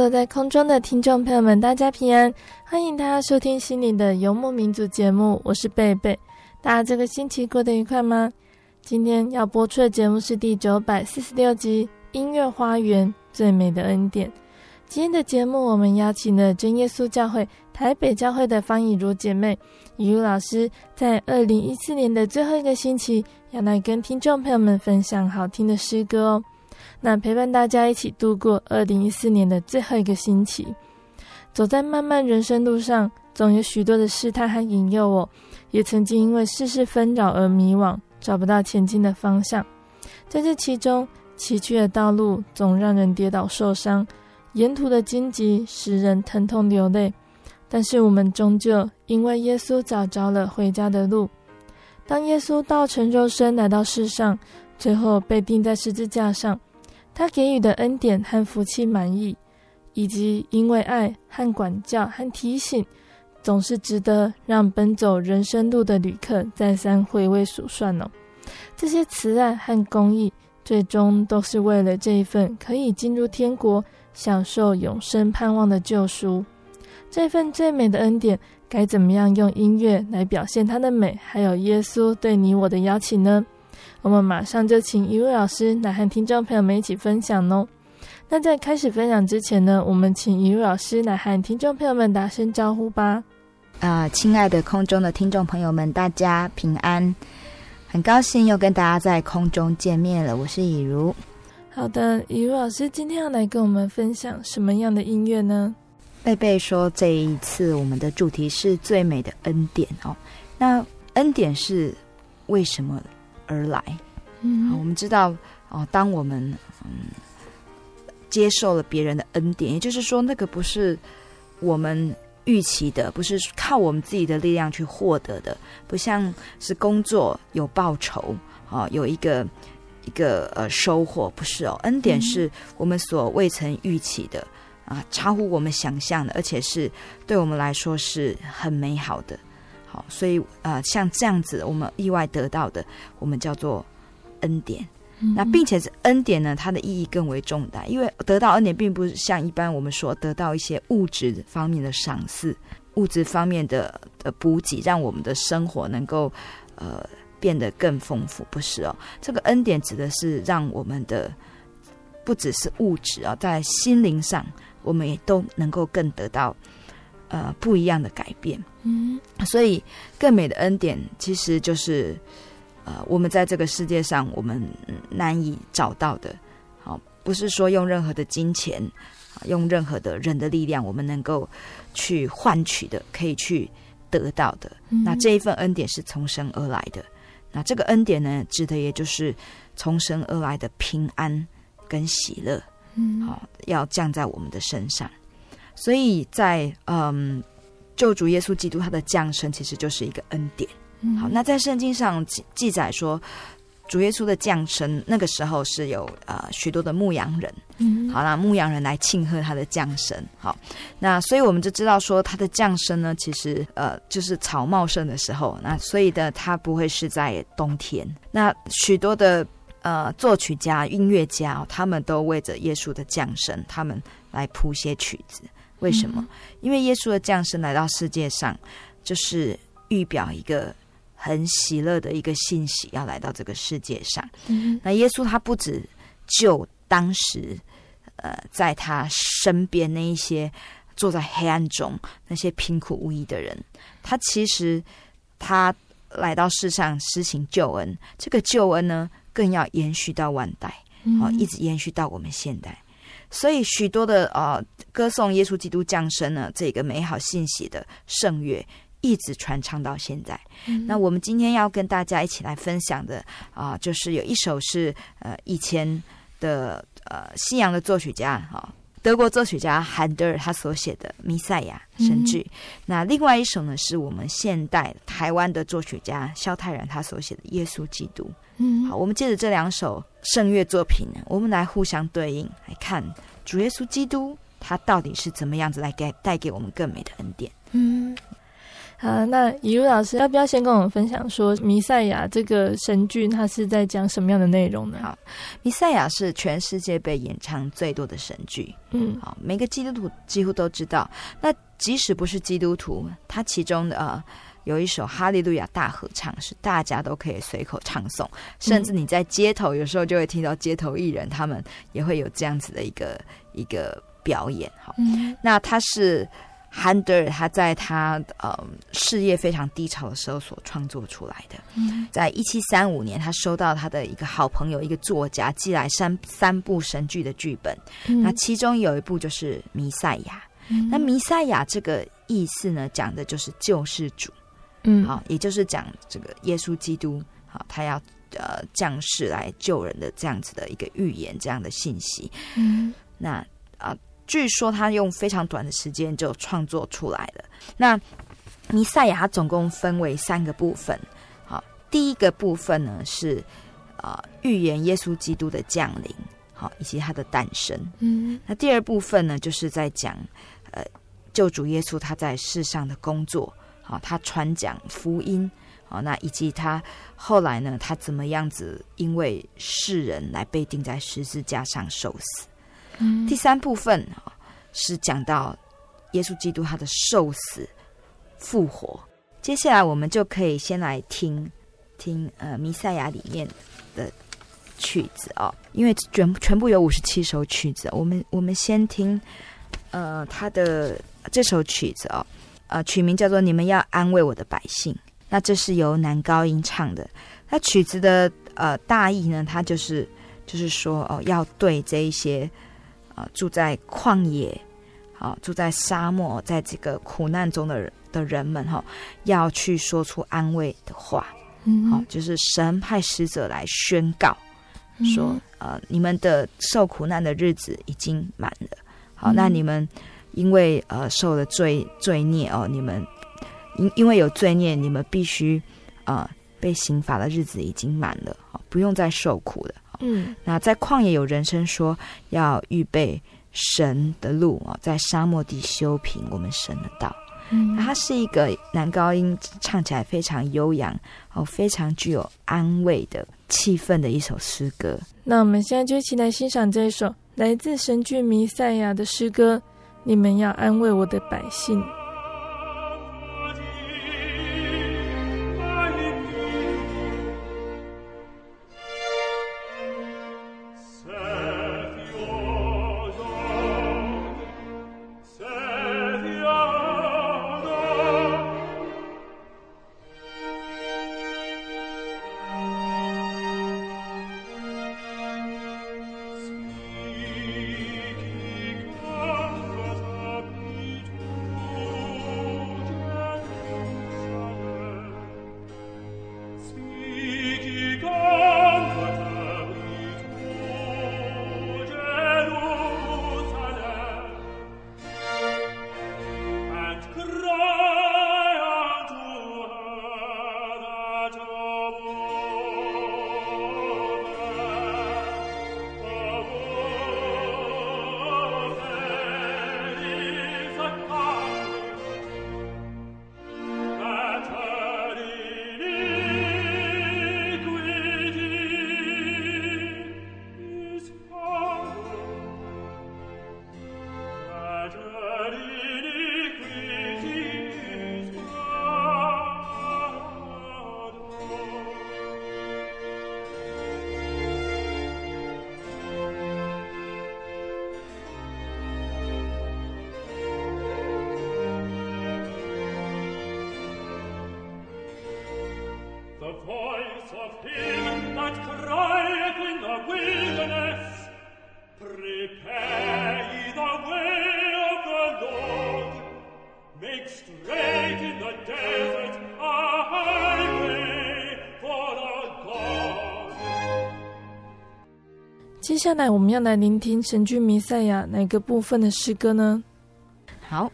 坐在空中的聽眾朋友們，大家平安，歡迎大家收聽心靈的遊牧民族節目，我是貝貝。大家這個星期過得愉快嗎？今天要播出的節目是第九百四十六集《音樂花園最美的恩典》。今天的節目我們邀請了真耶穌教會台北教會的方顗茹姐妹，顗茹老師，在二零一四年的最後一個星期，要來跟聽眾朋友們分享好聽的詩歌哦。那陪伴大家一起度過二零一四年的最後一個星期。走在漫漫人生路上，總有許多的試探和引誘我。我也曾經因為世事紛擾而迷惘，找不到前進的方向。在這其中，崎嶇的道路總讓人跌倒受傷，沿途的荊棘使人疼痛流淚。但是我們終究因為耶穌找着了回家的路。當耶穌道成肉身來到世上，最後被釘在十字架上。他給予的恩典和福氣滿溢，以及因為愛和管教和提醒，總是值得讓奔走人生路的旅客再三回味數算呢、哦。這些慈愛和公義，最終都是為了這一份可以進入天國、享受永生盼望的救贖。這份最美的恩典，該怎麼樣用音樂來表現它的美？還有耶穌對你我的邀請呢？我們馬上就請顗茹老師來和聽眾朋友們一起分享哦。那在開始分享之前呢，我們請顗茹老師來和聽眾朋友們打聲招呼吧。啊、呃，親愛的空中的聽眾朋友們，大家平安！很高興又跟大家在空中見面了，我是顗茹。好的，顗茹老師今天要來跟我們分享什麼樣的音樂呢？貝貝說，這一次我們的主題是最美的恩典哦。那恩典是為什麼？而來，嗯、啊，我們知道，哦，當我們嗯接受了別人的恩典，也就是說，那個不是我們預期的，不是靠我們自己的力量去獲得的，不像是工作有報酬，啊、哦，有一個一個呃收穫，不是哦，恩典是我們所未曾預期的，啊，超乎我們想象的，而且是對我們來說是很美好的。所以，呃，像這樣子，我們意外得到的，我們叫做恩典、嗯。那並且是恩典呢，它的意義更為重大，因為得到恩典，並不是像一般我們所得到一些物質方面的賞賜、物質方面的的補給，讓我們的生活能夠呃變得更豐富，不是哦？這個恩典指的是讓我們的不只是物質啊、哦，在心靈上，我們也都能夠更得到。呃，不一樣的改變。嗯，所以更美的恩典，其實就是呃，我們在這個世界上，我們難以找到的。好、哦，不是說用任何的金錢，哦、用任何的人的力量，我們能夠去換取的，可以去得到的、嗯。那這一份恩典是從神而來的。那這個恩典呢，指的也就是從神而來的平安跟喜樂。嗯，好、哦，要降在我們的身上。所以在嗯，救主耶穌基督，他的降生其實就是一個恩典。嗯、好，那在聖經上記記載說，主耶穌的降生那個時候是有呃許多的牧羊人。嗯，好啦，牧羊人來慶賀他的降生。好，那所以我們就知道說，他的降生呢，其實呃就是草茂盛的時候。那所以的他不會是在冬天。那許多的呃作曲家、音樂家、哦，他們都為着耶穌的降生，他們來譜寫曲子。為什麼？因為耶穌的降生來到世界上，就是預表一個很喜樂的一個信息，要來到這個世界上。那耶穌他不止救當時，呃，在他身邊那一些坐在黑暗中那些貧苦無依的人，他其實他來到世上施行救恩，這個救恩呢，更要延續到萬代，哦，一直延續到我們現代。所以許多的呃歌頌耶穌基督降生呢這個美好信息的聖樂，一直傳唱到現在、嗯。那我們今天要跟大家一起來分享的啊、呃，就是有一首是呃以前的呃西洋的作曲家哈、哦、德國作曲家韓德爾他所寫的《彌賽亞》神劇、嗯。那另外一首呢，是我們現代台灣的作曲家蕭泰然他所寫的《耶穌基督》。 好，我們借着這兩首聖樂作品，我們來互相對應來看主耶穌基督他到底是怎麼樣子來給帶給我們更美的恩典。嗯， 好，那顗茹老師要不要先跟我們分享說《彌賽亞》這個神劇他是在講什麼樣的內容呢？好，《彌賽亞》是全世界被演唱最多的神劇。 嗯，好，每個基督徒幾乎都知道。那即使不是基督徒，他其中的啊。呃有一首《哈利路亞大合唱》是大家都可以隨口唱誦，甚至你在街頭有時候就會聽到街頭藝人，他們也會有這樣子的一個一個表演哈、嗯。那他是韓德爾，他在他呃事業非常低潮的時候所創作出來的。嗯、在一七三五年，他收到他的一個好朋友，一個作家寄來三三部神劇的劇本、嗯，那其中有一部就是《彌賽亞》。那《彌賽亞》這個意思呢，講的就是救世主。嗯，好，也就是講這個耶穌基督，好、哦，他要呃降世來救人的這樣子的一個預言，這樣的信息。嗯，那啊，據說他用非常短的時間就創作出來了。那《彌賽亞》它總共分為三個部分，好、哦，第一個部分呢是啊、呃、預言耶穌基督的降臨，好、哦、以及他的誕生。嗯，那第二部分呢就是在講呃救主耶穌他在世上的工作。啊、哦，他傳講福音，啊、哦，那以及他後來呢，他怎麼樣子？因為世人來被釘在十字架上受死。嗯、第三部分、哦，是講到耶穌基督他的受死、復活。接下來我們就可以先來聽聽呃《彌賽亞》裡面的曲子哦。因為全全部有五十七首曲子，我們我們先聽呃他的這首曲子哦。呃，曲名叫做“你們要安慰我的百姓”，那這是由男高音唱的。那曲子的呃大意呢，他就是就是說哦，要對這一些啊、呃、住在曠野、好、哦、住在沙漠、哦、在這個苦難中的的人們哈、哦，要去說出安慰的話。嗯，好、哦，就是神派使者來宣告、嗯、說，呃，你們的受苦難的日子已經滿了。好，嗯、那你們。因為呃受了罪罪孽，哦，你們因因為有罪孽，你們必須啊、呃、被刑罰的日子已經滿了、哦，不用再受苦了。嗯，那在曠野有人聲說，要預備神的路啊、哦，在沙漠地修平我們神的道。嗯，那它是一個男高音唱起來非常悠揚哦，非常具有安慰的氣氛，的一首詩歌。那我們現在就一起來欣賞這一首來自神劇《彌賽亞》的詩歌。你們要安慰我的百姓。接下來我們要來聆聽《神劇彌賽亞》哪個部分的詩歌呢？好，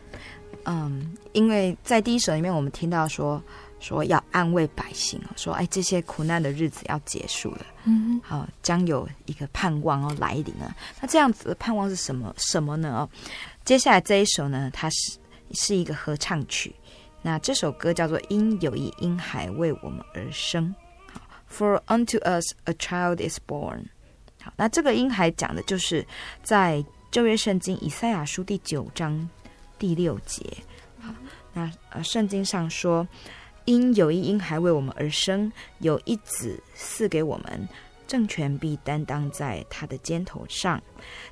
嗯，因為在第一首裡面，我們聽到說。說要安慰百姓說哎，這些苦難的日子要結束了，嗯，好，將有一個盼望哦來臨了，那這樣子的盼望是什麼什麼呢？哦，接下來這一首呢，它是是一個合唱曲。那這首歌叫做《因有一嬰孩為我們而生》，好，For unto us a child is born。好，那這個嬰孩講的就是在舊約聖經以賽亞書第九章第六節。好，那呃，聖經上說。因有一嬰孩為我們而生，有一子賜給我們，政權必擔當在他的肩頭上。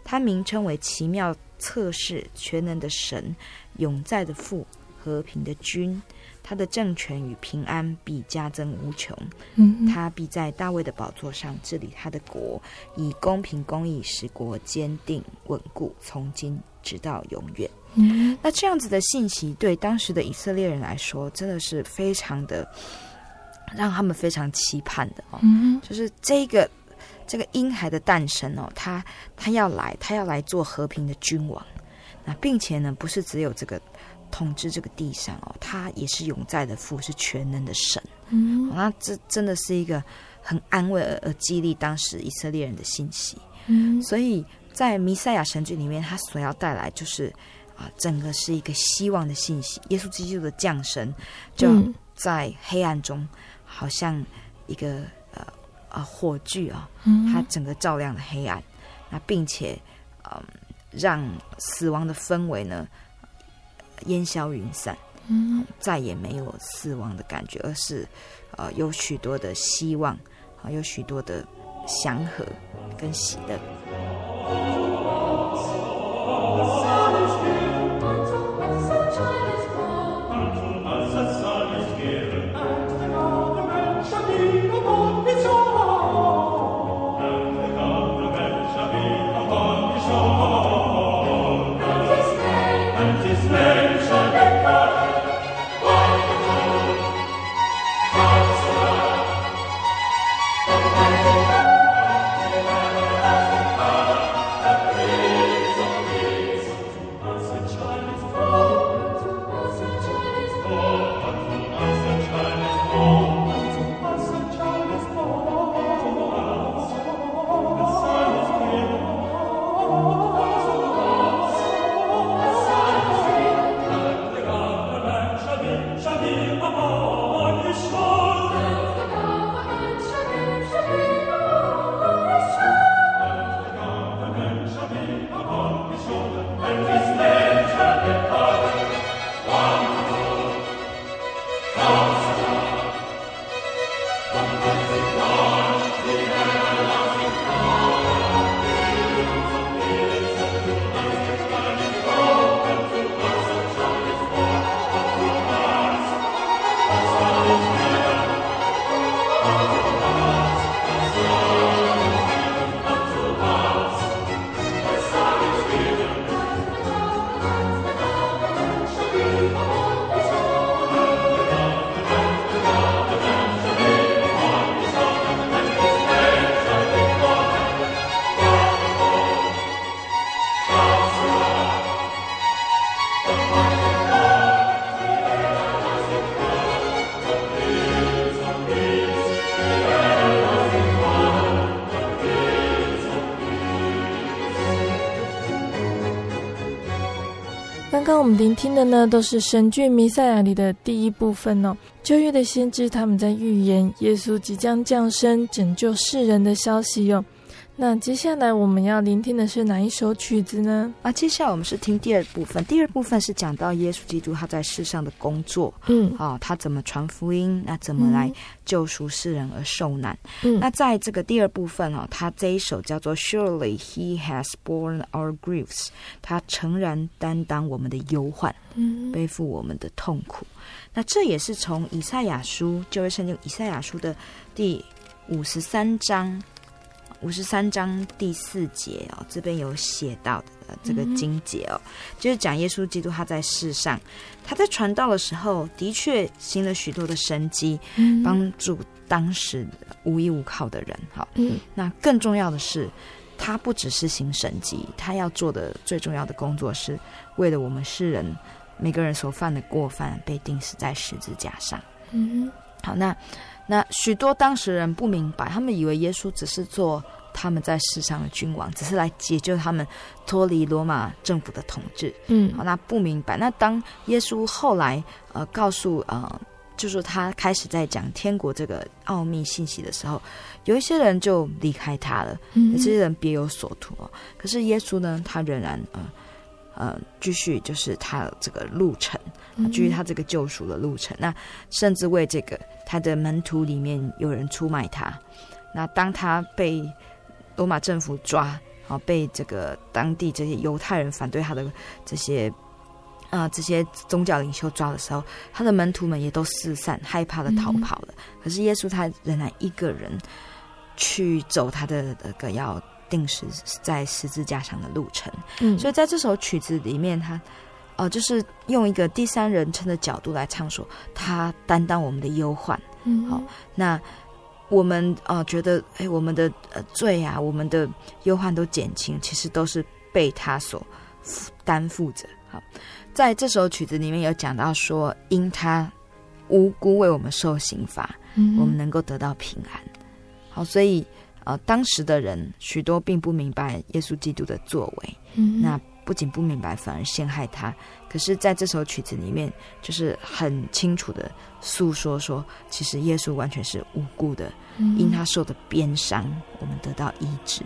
他名稱為奇妙策士、全能的神，永在的父，和平的君。他的政權與平安必加增無窮。他必在大衛的寶座上治理他的國，以公平公義使國堅定穩固，從今直到永遠。 那這樣子的信息，對當時的以色列人來說，真的是非常的讓他們非常期盼的哦。 就是這個這個嬰孩的誕生哦，他他要來，他要來做和平的君王。那並且呢，不是只有這個統治這個地上哦，他也是永在的父，是全能的神。 那這真的是一個很安慰而，而激勵當時以色列人的信息。 所以在彌賽亞神劇裡面，他所要帶來就是。啊，整個是一個希望的信息。耶穌基督的降生就在黑暗中，好像一個呃啊火炬啊、哦，它整個照亮了黑暗，那並且嗯，讓死亡的氛圍呢煙消雲散、嗯，再也沒有死亡的感覺，而是呃有許多的希望，啊有許多的祥和跟喜樂。嗯聆聽的呢，都是神劇《彌賽亞》裡的第一部分哦。舊約的先知，他們在預言耶穌即將降生、拯救世人的消息喲、哦。那接下來我們要聆聽的是哪一首曲子呢？啊，接下來我們是聽第二部分。第二部分是講到耶穌基督他在世上的工作，嗯，啊，哦，他怎麼傳福音，那怎麼來救贖世人而受難。嗯，那在這個第二部分哦，他這一首叫做 Surely He Has Borne Our Griefs，他誠然擔當我們的憂患，嗯，背負我們的痛苦。那這也是從以賽亞書，就是聖經以賽亞書的第五十三章，五十三章第四節哦，這邊有寫到的這個經節哦、嗯，就是講耶穌基督他在世上，他在傳道的時候，的確行了許多的神蹟，嗯、幫助當時無依無靠的人。好、嗯，那更重要的是，他不只是行神蹟，他要做的最重要的工作是為了我們世人，每個人所犯的過犯被釘死在十字架上。嗯。好，那那許多當時人不明白，他們以為耶穌只是做他們在世上的君王，只是來解救他們脫離羅馬政府的統治。嗯，好，那不明白。那當耶穌後來呃告訴呃，就是他開始在講天國這個奧秘信息的時候，有一些人就離開他了，嗯，這些人別有所圖哦，可是耶穌呢，他仍然呃呃繼續就是他的這個路程。至於他這個救贖的路程。那甚至為這個，他的門徒裡面有人出賣他。那當他被羅馬政府抓，然後被這個當地這些猶太人反對他的這些啊、呃、這些宗教領袖抓的時候，他的門徒們也都四散，害怕地逃跑了、嗯。可是耶穌他仍然一個人去走他的那個要釘死在十字架上的路程。嗯、所以在這首曲子裡面，他。哦、呃，就是用一個第三人稱的角度來唱說，他擔當我們的憂患。嗯、好，那我們啊、呃，覺得哎，我們的、呃、罪啊，我們的憂患都減輕，其實都是被他所擔負着。好，在這首曲子裡面有講到說，因他無辜為我們受刑罰，嗯、我們能夠得到平安。好，所以、呃、當時的人許多並不明白耶穌基督的作為。嗯，那不僅不明白，反而陷害他。可是，在這首曲子裡面，就是很清楚的訴說說，其實耶穌完全是無辜的，因他受的鞭傷，嗯，我們得到醫治。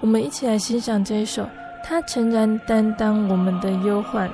我們一起來欣賞這一首，他誠然擔當我們的憂患。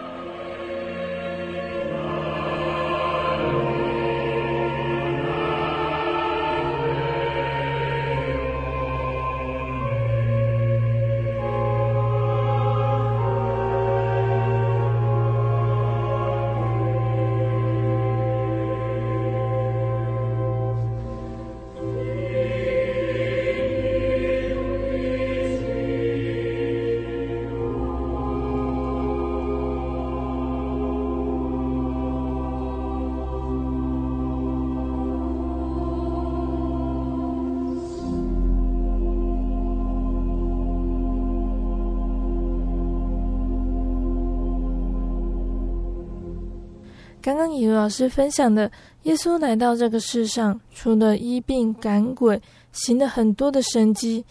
剛剛顗茹老師分享的，耶穌來到這個世上，除了醫病趕鬼，行了很多的神蹟，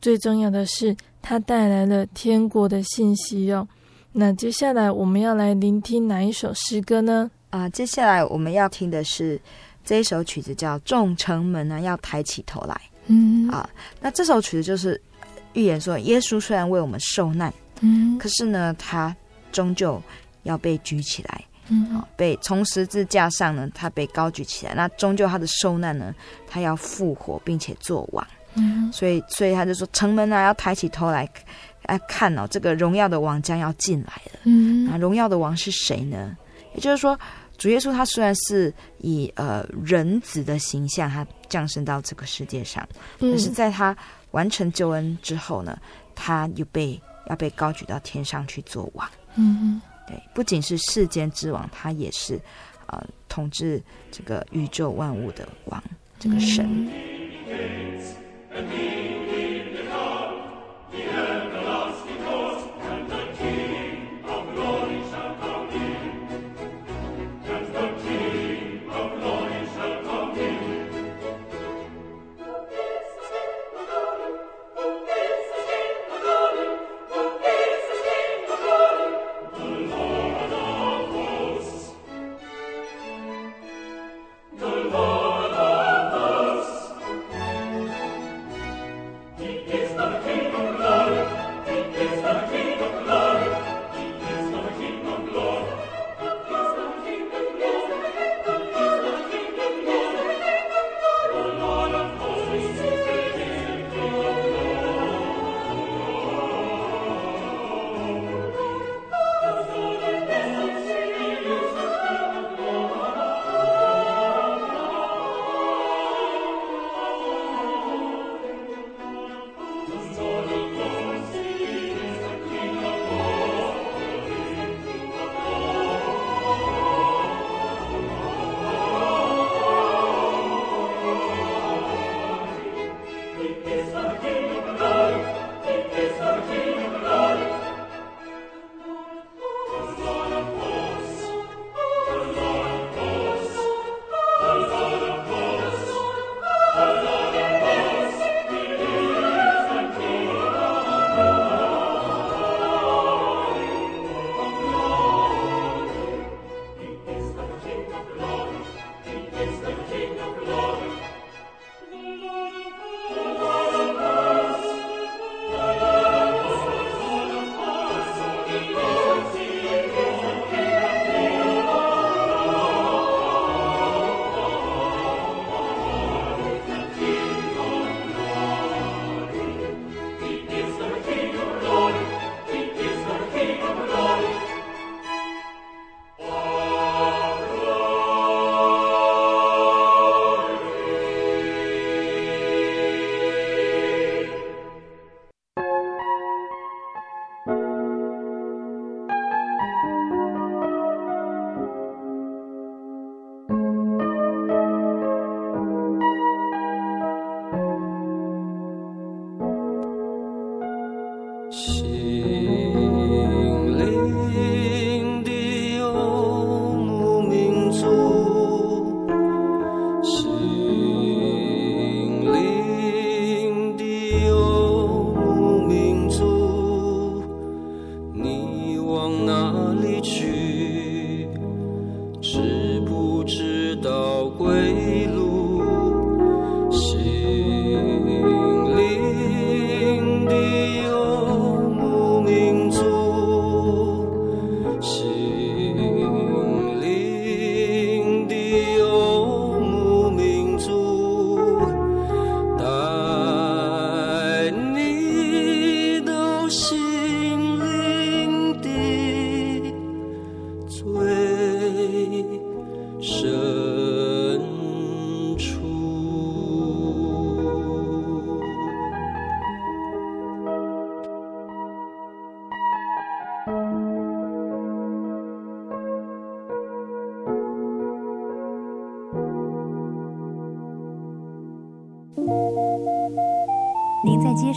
最重要的是他帶來了天國的信息喲、哦。那接下來我們要來聆聽哪一首詩歌呢？啊、呃，接下來我們要聽的是這一首曲子，叫《眾城門啊要抬起頭來》。嗯，啊、呃，那這首曲子就是預言說，耶穌雖然為我們受難，嗯，可是呢，他終究要被舉起來。嗯、 哦，被從十字架上呢，他被高舉起來。那終究他的受難呢，他要復活並且做王。嗯， 所以所以他就說，城門啊要抬起頭來，看哦，這個榮耀的王將要進來了。嗯，那 榮耀的王是誰呢？也就是說，主耶穌他雖然是以呃人子的形象，他降生到這個世界上， 但是在他完成救恩之後呢，他又被要被高舉到天上去做王。嗯 對，不僅是世間之王，他也是，呃，統治這個宇宙萬物的王，這個神。嗯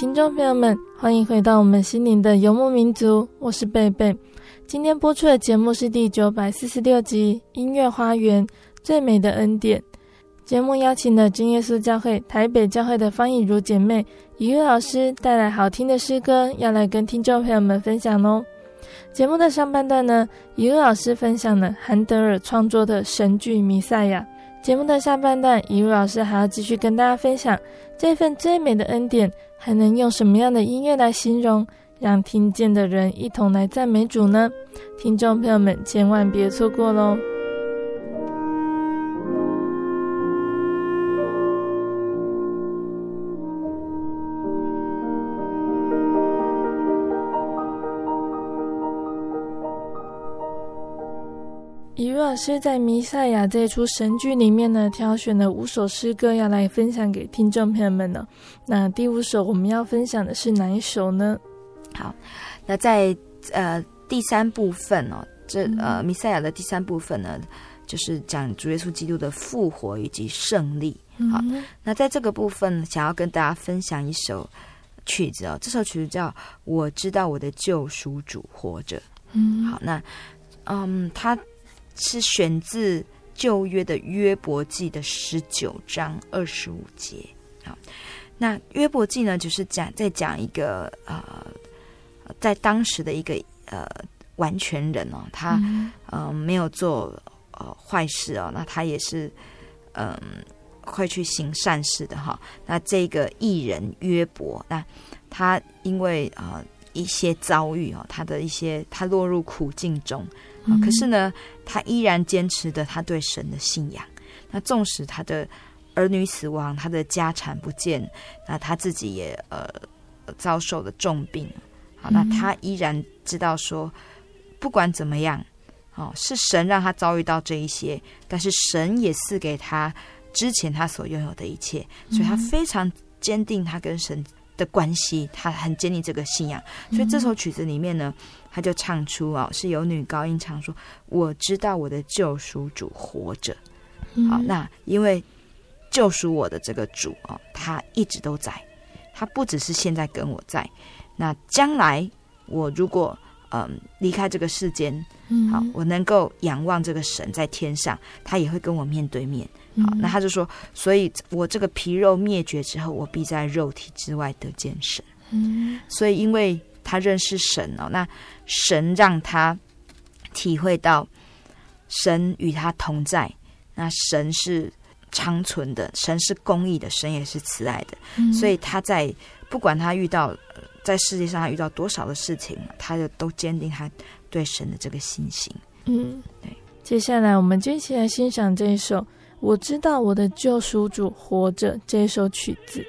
聽眾朋友們，歡迎回到我們心靈的游牧民族，我是貝貝。今天播出的節目是第九百四十六集《音樂花園最美的恩典》。節目邀請了真耶穌教會台北教會的方顗茹姐妹、顗茹老師帶來好聽的詩歌，要來跟聽眾朋友們分享哦。節目的上半段呢，顗茹老師分享了韓德爾創作的神劇《彌賽亞》。節目的下半段，顗茹老師還要繼續跟大家分享這份最美的恩典。還能用什麼樣的音樂來形容，讓聽見的人一同來讚美主呢？聽眾朋友們，千萬別錯過嘍！老師在《彌賽亞》這一出神劇裡面呢，挑選了五首詩歌要來分享給聽眾朋友們呢。那第五首我們要分享的是哪一首呢？好，那在呃第三部分哦，這呃《彌賽亞》的第三部分呢，就是講主耶穌基督的復活以及勝利。好，嗯，那在這個部分呢，想要跟大家分享一首曲子哦，這首曲子叫《我知道我的救贖主活着》。嗯，好，那嗯他。是選自舊約的約伯記的十九章二十五節。好，那約伯記呢，就是講在講一個呃，在當時的一個呃完全人哦，他、嗯、呃沒有做呃壞事哦，那他也是嗯、呃、會去行善事的哈、哦。那這個義人約伯，那他因為啊、呃、一些遭遇哦，他的一些他落入苦境中。哦，可是呢，他依然堅持著他對神的信仰。那縱使他的兒女死亡，他的家產不見，那他自己也呃遭受了重病。好，那他依然知道說，不管怎麼樣，哦，是神讓他遭遇到這一些，但是神也賜給他之前他所擁有的一切，所以他非常堅定他跟神。的關係，他很堅定這個信仰，所以這首曲子裡面呢，他就唱出哦，是由女高音唱說：“我知道我的救贖主活着。”好，那因為救贖我的這個主哦，他一直都在，他不只是現在跟我在，那將來我如果嗯、呃、離開這個世間，好，我能夠仰望這個神在天上，他也會跟我面對面。好，那他就說：“所以，我這個皮肉滅絕之後，我必在肉體之外得見神。”嗯，所以，因為他認識神哦，那神讓他體會到神與他同在，那神是長存的，神是公義的，神也是慈愛的。嗯、所以，他在不管他遇到在世界上他遇到多少的事情，他就都堅定他對神的這個信心。嗯，對。接下來，我們一起來欣賞這一首。我知道我的救贖主活着，這首曲子。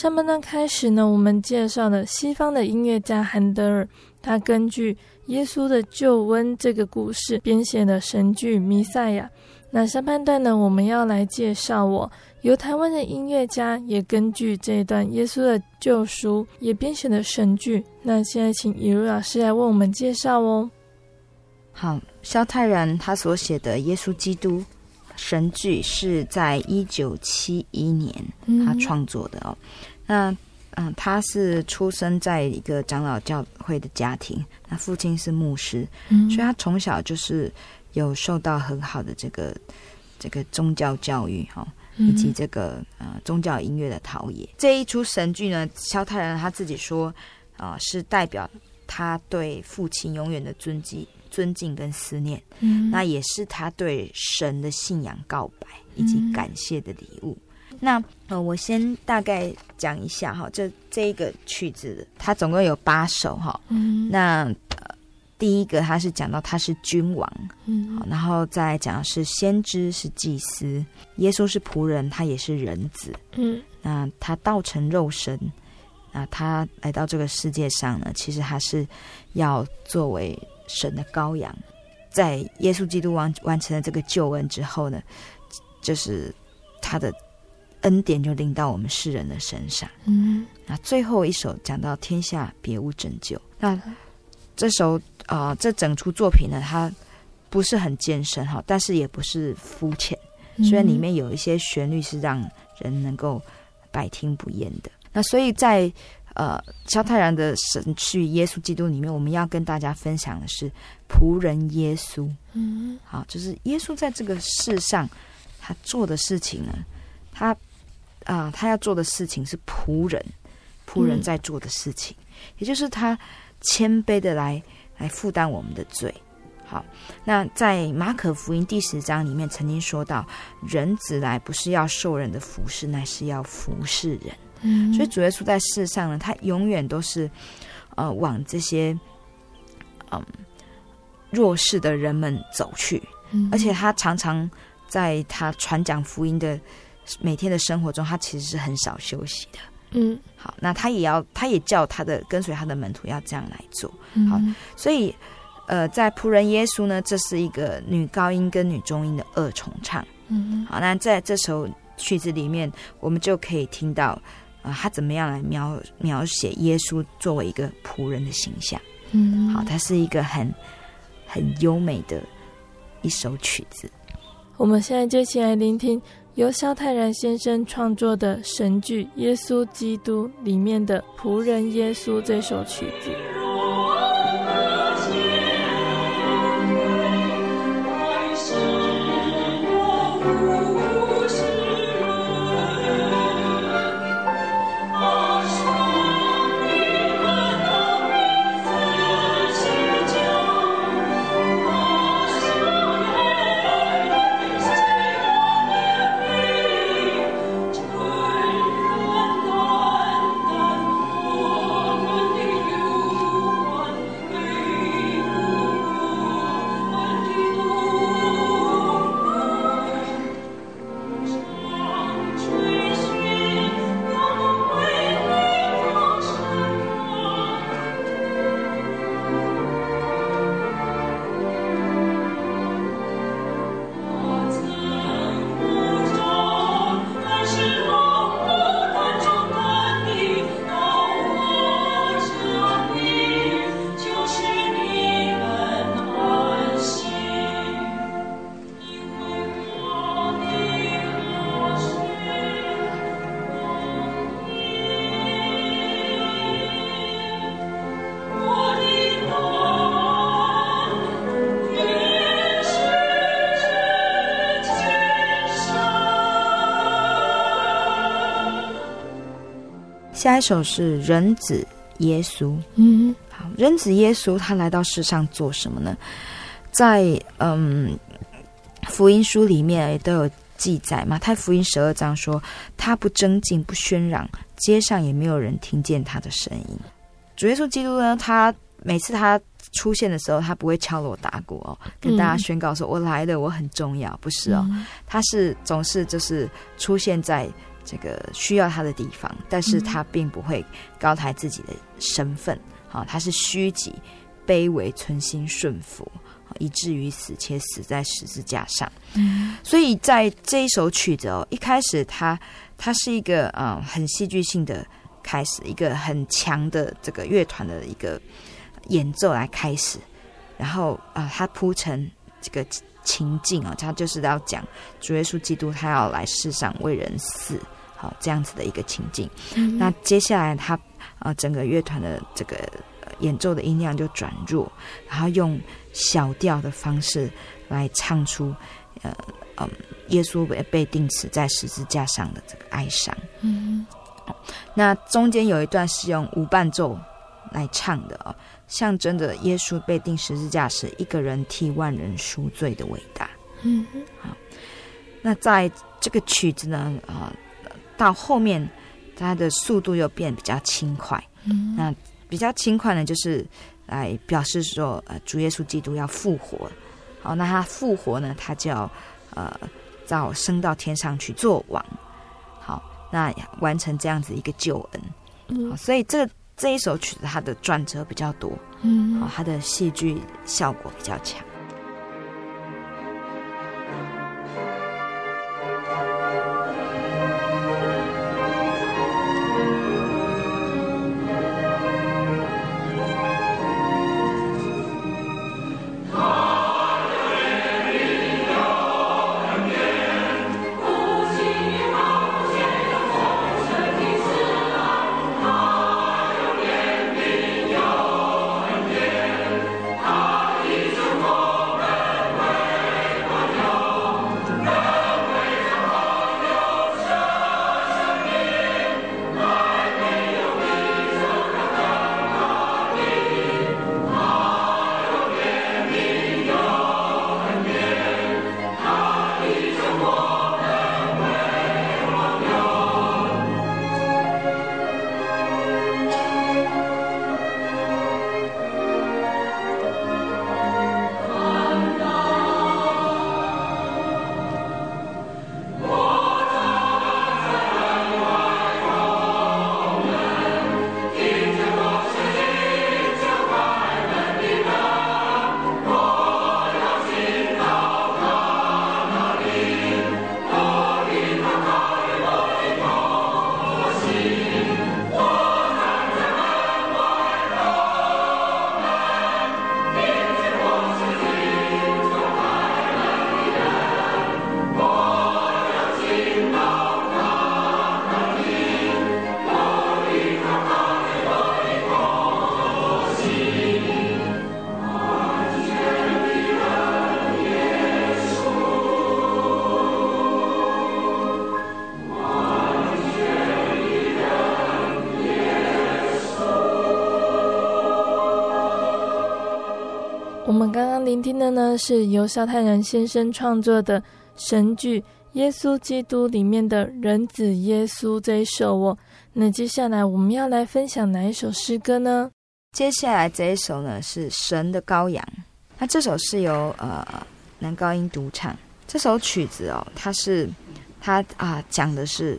上半段開始呢，我們介紹了西方的音樂家韓德爾，他根據耶穌的救恩這個故事編寫的神劇《彌賽亞》。那下半段呢，我們要來介紹我由台灣的音樂家也根據這一段耶穌的救贖也編寫的神劇。那現在請顗茹老師來為我們介紹哦。好，蕭泰然他所寫的《耶穌基督》。神劇是在一九七一年他創作的哦、嗯，那嗯、呃，他是出生在一個長老教會的家庭，那父親是牧師、嗯，所以他從小就是有受到很好的這個這個宗教教育哈、哦，以及這個呃宗教音樂的陶冶。嗯、這一出神劇呢，蕭泰然他自己說啊、呃，是代表他對父親永遠的尊敬。尊敬跟思念、嗯，那也是他對神的信仰告白以及感謝的禮物。嗯、那呃，我先大概講一下哈，就這這個曲子它總共有八首哈、嗯。那、呃、第一個他是講到他是君王，嗯、然後再講是先知、是祭司，耶穌是僕人，他也是人子。嗯，那他道成肉身，那他來到這個世界上呢，其實他是要作為。神的羔羊，在耶穌基督完完成了這個救恩之後呢，就是他的恩典就臨到我們世人的身上。嗯，那最後一首講到天下別無拯救，那、嗯、這首啊、呃，這整出作品呢，它不是很艱深哈，但是也不是膚淺，雖然裡面有一些旋律是讓人能夠百聽不厭的。嗯、那所以在呃，蕭太然的神去耶穌基督裡面，我們要跟大家分享的是僕人耶穌。嗯，好，就是耶穌在這個世上他做的事情呢，他啊，他、呃、要做的事情是僕人僕人在做的事情，嗯、也就是他謙卑的來來負擔我們的罪。好，那在馬可福音第十章裡面曾經說到，人子來不是要受人的服侍，乃是要服侍人。所以主耶穌在世上呢，他永遠都是，呃，往這些，嗯、呃，弱勢的人們走去。嗯，而且他常常在他傳講福音的每天的生活中，他其實是很少休息的。嗯，好，那他也要，他也叫他的跟隨他的門徒要這樣來做。好，嗯，所以，呃，在僕人耶穌呢，這是一個女高音跟女中音的二重唱。嗯，好，那在這首曲子裡面，我們就可以聽到。啊、呃，他怎麼樣來描描寫耶穌作為一個僕人的形象？嗯，好，它是一個很很優美的一首曲子。我們現在就一起來聆聽由蕭泰然先生創作的神劇《耶穌基督》裡面的《僕人耶穌》這首曲子。下一首是人子耶穌。嗯，好，人子耶穌他來到世上做什麼呢？在嗯福音書裡面也都有記載嘛。馬太福音十二章說，他不爭競、不喧嚷，街上也沒有人聽見他的聲音。主耶穌基督呢，他每次他出現的時候，他不會敲鑼打鼓哦，跟大家宣告說、嗯：“我來了，我很重要。”不是哦，他、嗯、是總是就是出現在。這個需要他的地方，但是他並不會高抬自己的身份，啊、嗯哦，他是虛己卑微，存心順服，以至於死，且死在十字架上。所以在這一首曲子哦，一開始他他是一個呃很戲劇性的開始，一個很強的這個樂團的一個演奏來開始，然後啊、呃，他鋪成這個情境啊、哦，他就是要講主耶穌基督他要來世上為人死。好，這樣子的一個情景。那接下來他，他呃，整個樂團的這個演奏的音量就轉弱，然後用小調的方式來唱出呃、嗯、耶穌被釘死在十字架上的這個哀傷、嗯。那中間有一段是用無伴奏來唱的啊，象徵着耶穌被釘十字架時，一個人替萬人贖罪的偉大。嗯，好，那在這個曲子呢，啊、呃。到後面，它的速度又變比較輕快。嗯，那比較輕快呢，就是來表示說，呃，主耶穌基督要復活。好，那他復活呢，他就要呃，到升到天上去做王。好，那完成這樣子一個救恩。嗯，好，所以這這一首曲子，它的轉折比較多。嗯，好，它的戲劇效果比較強。是由肖泰然先生創作的神劇《耶穌基督》裡面的“人子耶穌”這一首哦。那接下來我們要來分享哪一首詩歌呢？接下來這一首呢是《神的羔羊》。那這首是由呃男高音獨唱。這首曲子哦，它是他啊講的是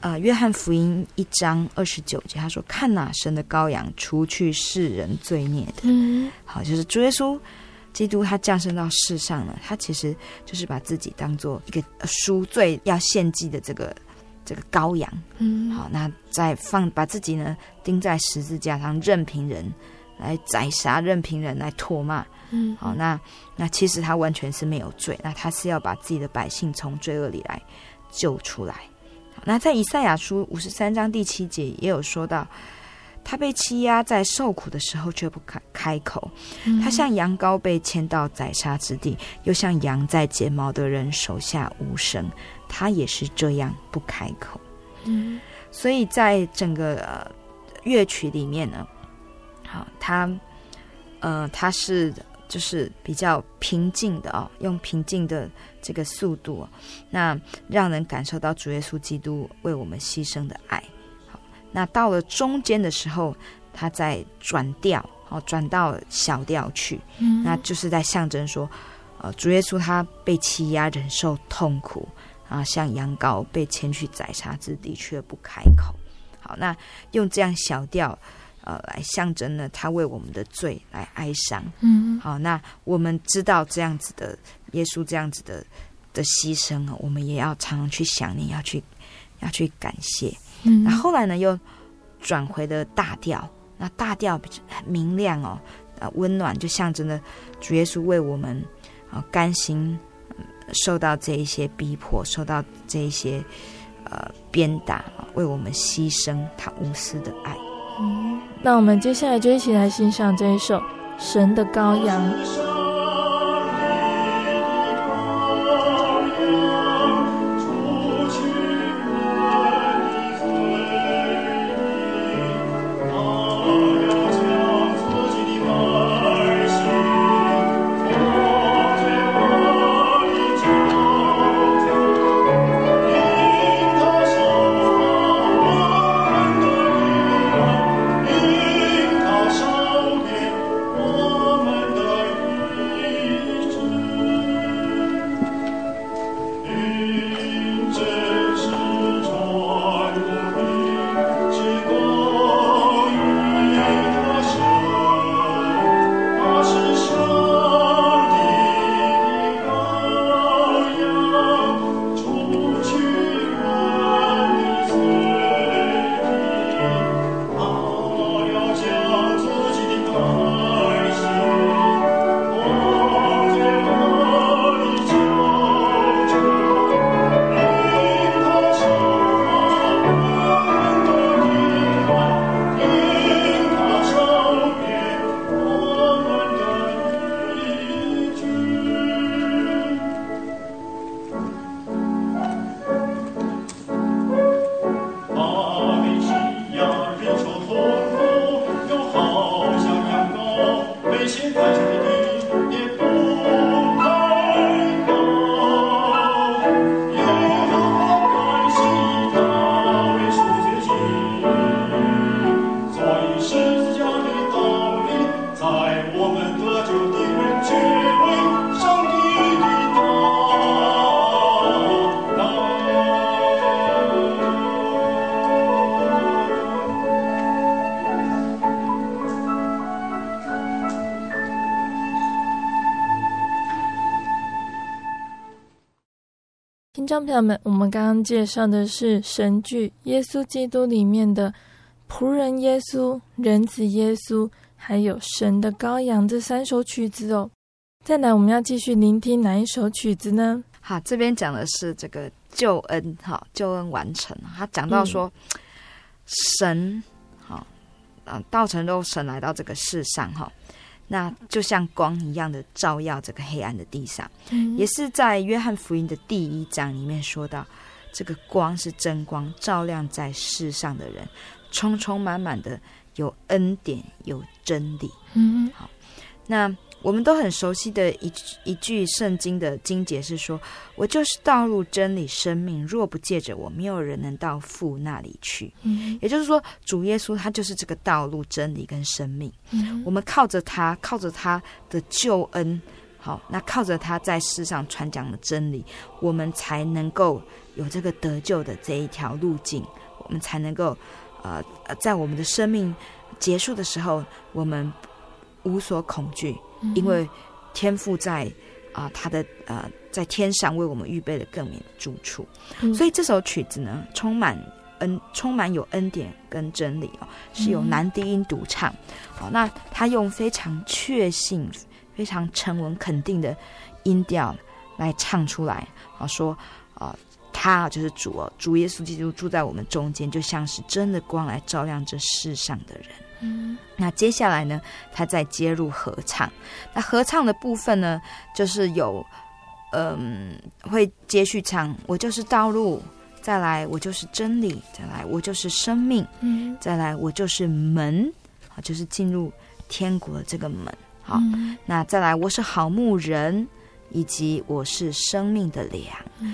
呃《約翰福音》一章二十九節，他說：“看哪，神的羔羊，除去世人罪孽的。” Mm-hmm. 好，就是主耶穌。基督他降生到世上呢，他其實就是把自己當做一個贖罪要獻祭的這個這個羔羊，嗯，好，那再放把自己呢釘在十字架上，任憑人來宰殺，任憑人來唾罵，嗯，好，那那其實他完全是沒有罪，那他是要把自己的百姓從罪惡裡來救出來。好，那在以賽亞書五十三章第七節也有說到。他被欺壓，在受苦的時候卻不開開口。他像羊羔被牽到宰殺之地，又像羊在剪毛的人手下無聲。他也是這樣不開口。嗯，所以在整個樂曲裡面呢，好，他呃，他是就是比較平靜的哦，用平靜的這個速度，那讓人感受到主耶穌基督為我們犧牲的愛。那到了中間的時候，他在轉調，好，哦，轉到小調去，嗯，那就是在象徵說，呃，主耶穌他被欺壓，忍受痛苦啊，像羊羔被牽去宰殺之地，卻不開口。好，那用這樣小調，呃，來象徵呢，他為我們的罪來哀傷。嗯，好，那我們知道這樣子的耶穌這樣子的的犧牲啊，我們也要常常去想念，要去要去感謝。那後來呢？又轉回了大調，那大調比較明亮，哦，啊，溫暖，就象徵了主耶穌為我們啊甘心受到這一些逼迫，受到這一些、呃、鞭打，為我們犧牲他無私的愛、嗯。那我們接下來就一起來欣賞這一首《神的羔羊》。朋友們，我們剛剛介紹的是神劇《耶穌基督》裡面的僕人耶穌、人子耶穌、還有神的羔羊這三首曲子哦。再來，我們要繼續聆聽哪一首曲子呢？好，這邊講的是這個救恩，好，救恩完成。他講到說，神，好，嗯，道成肉身來到這個世上，哈。那就像光一樣的照耀這個黑暗的地上，嗯，也是在約翰福音的第一章裡面說到，這個光是真光，照亮在世上的人，充充滿滿的有恩典，有真理。嗯，好，那。我們都很熟悉的一一句聖經的經節是說：“我就是道路、真理、生命，若不借着我，沒有人能到父那裡去。”嗯，也就是說，主耶穌他就是這個道路、真理跟生命。嗯，我們靠着他，靠着他的救恩，好，那靠着他在世上傳講的真理，我們才能夠有這個得救的這一條路徑，我們才能夠，呃，在我們的生命結束的時候，我們。無所恐懼，因為天父在啊、呃，他的呃，在天上為我們預備了更美的住處。嗯、所以這首曲子呢，充滿恩、嗯，充滿有恩典跟真理哦，是由男低音獨唱。好、嗯哦，那他用非常確信、非常沉穩、肯定的音調來唱出來，好、哦、說啊、哦，他就是主哦，主耶穌基督住在我們中間，就像是真的光來照亮這世上的人。 那接下來呢？他再接入合唱，那合唱的部分呢，就是有，嗯、呃，會接續唱“我就是道路”，再來“我就是真理”，再來“我就是生命”， 再來“我就是門”，就是進入天國的這個門，好， 那再來“我是好牧人”，以及“我是生命的糧。”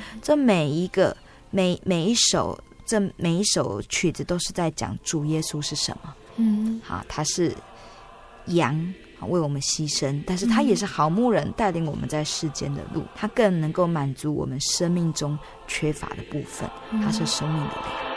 這每一個、每每一首、這每一首曲子，都是在講主耶穌是什麼。嗯， 好，他是羊，為我們犧牲，但是他也是好牧人，帶領我們在世間的路，他更能夠滿足我們生命中缺乏的部分，他是生命的。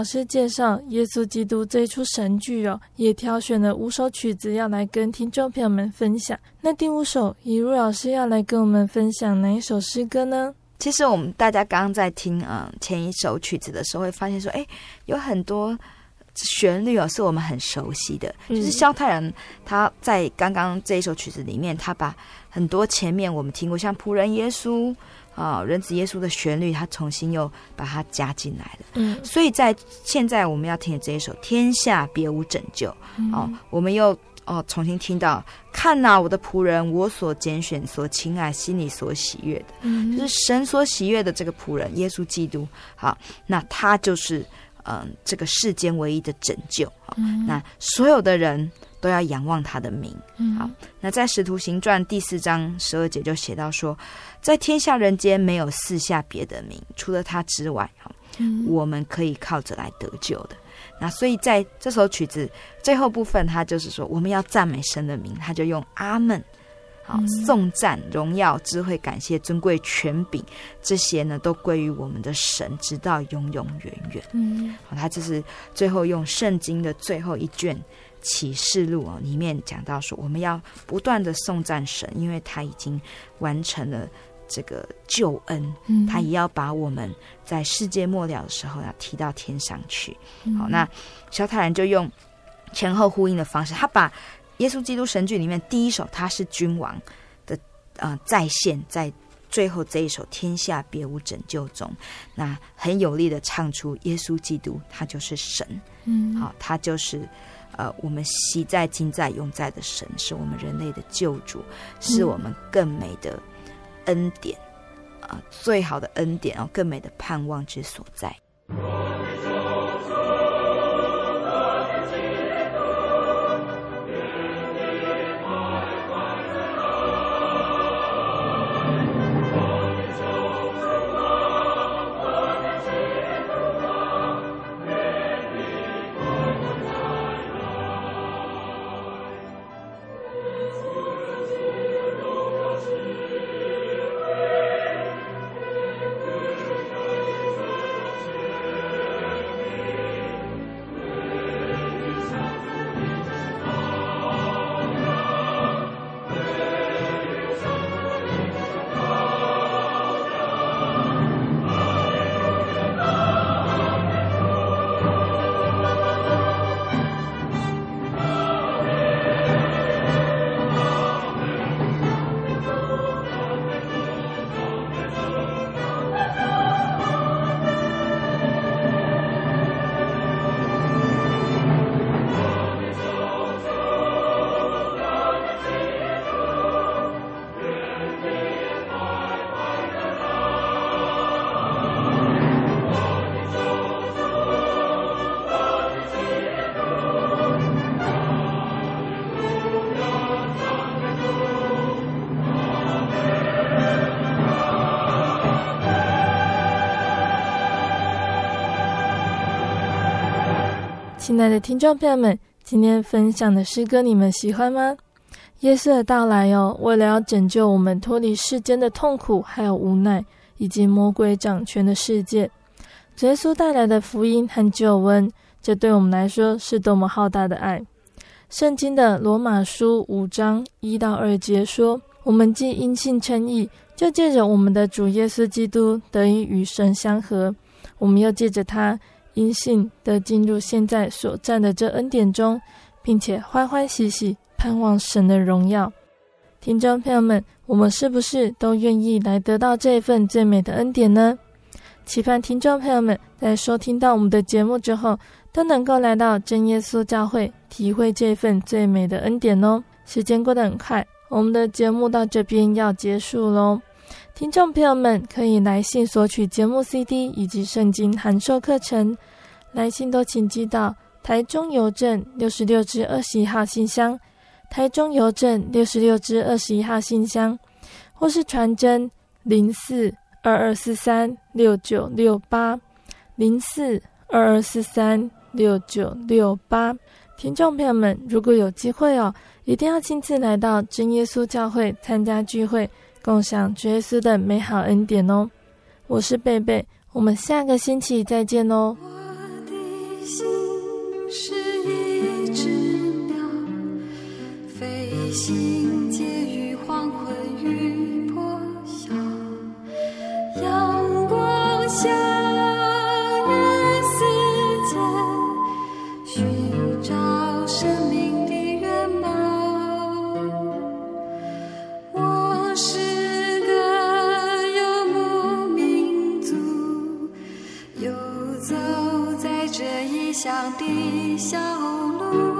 老師介紹《耶穌基督》這一出神劇哦，也挑選了五首曲子要來跟聽眾朋友們分享。那第五首，顗茹老師要來跟我們分享哪一首詩歌呢？其實我們大家剛剛在聽啊、嗯、前一首曲子的時候，會發現說，哎，有很多旋律哦，是我們很熟悉的。嗯、就是蕭泰然他在剛剛這一首曲子裡面，他把很多前面我們聽過，像《僕人耶穌》。啊，人子耶穌的旋律，他重新又把它加進來了。嗯，所以在現在我們要聽的這一首《天下別無拯救》，哦，我們又哦重新聽到，看哪、啊，我的僕人，我所揀選、所親愛、心裡所喜悅的，就是神所喜悅的這個僕人耶穌基督。好，那他就是。嗯，這個世間唯一的拯救，嗯，那所有的人都要仰望他的名，嗯、好，那在《使徒行傳》第四章十二節就寫到說，在天下人間沒有賜下別的名，除了他之外，嗯，我們可以靠着來得救的。那所以在這首曲子最後部分，他就是說我們要讚美神的名，他就用阿門。頌讚榮耀智慧、感謝尊貴權柄，這些呢，都歸於我們的神，直到永永遠遠。嗯，好，他就是最後用聖經的最後一卷啟示錄啊、哦，裡面講到說，我們要不斷的頌讚神，因為他已經完成了這個救恩，他、嗯、也要把我們在世界末了的時候要提到天上去。好，那蕭泰然就用前後呼應的方式，他把。耶穌基督神劇裡面第一首他是君王的啊、呃，再現在最後這一首天下別無拯救中，那很有力地唱出耶穌基督他就是神，嗯，好、哦，他就是呃我們昔在今在永在的神，是我們人類的救主，是我們更美的恩典啊、嗯呃，最好的恩典哦，更美的盼望之所在。親愛的聽眾朋友們，今天分享的詩歌你們喜歡嗎？耶穌的到來哦，為了要拯救我們脫離世間的痛苦，還有無奈，以及魔鬼掌權的世界，耶穌帶來的福音和救恩，這對我們來說是多麼浩大的愛！聖經的羅馬書五章一到二節說：“我們既因信稱義，就借着我們的主耶穌基督得以與神相和。我們又借着他。”因信的進入現在所站的這恩典中，並且歡歡喜喜盼望神的榮耀。聽眾朋友們，我們是不是都願意來得到這份最美的恩典呢？期盼聽眾朋友們在收聽到我們的節目之後，都能夠來到真耶穌教會，體會這份最美的恩典哦。時間過得很快，我們的節目到這邊要結束嘍。聽眾朋友們可以來信索取節目 CD 以及聖經函授課程，來信都請寄到台中郵政六十六支二十一號信箱，台中郵政六十六支二十一號信箱，或是傳真零四二二四三六九六八，零四二二四三六九六八。聽眾朋友們，如果有機會哦，一定要親自來到真耶穌教會參加聚會。共享耶穌的美好恩典哦，我是貝貝，我們下個星期再見哦。我的心是一隻鳥，飛行介於黃昏與破曉，陽光下的小路。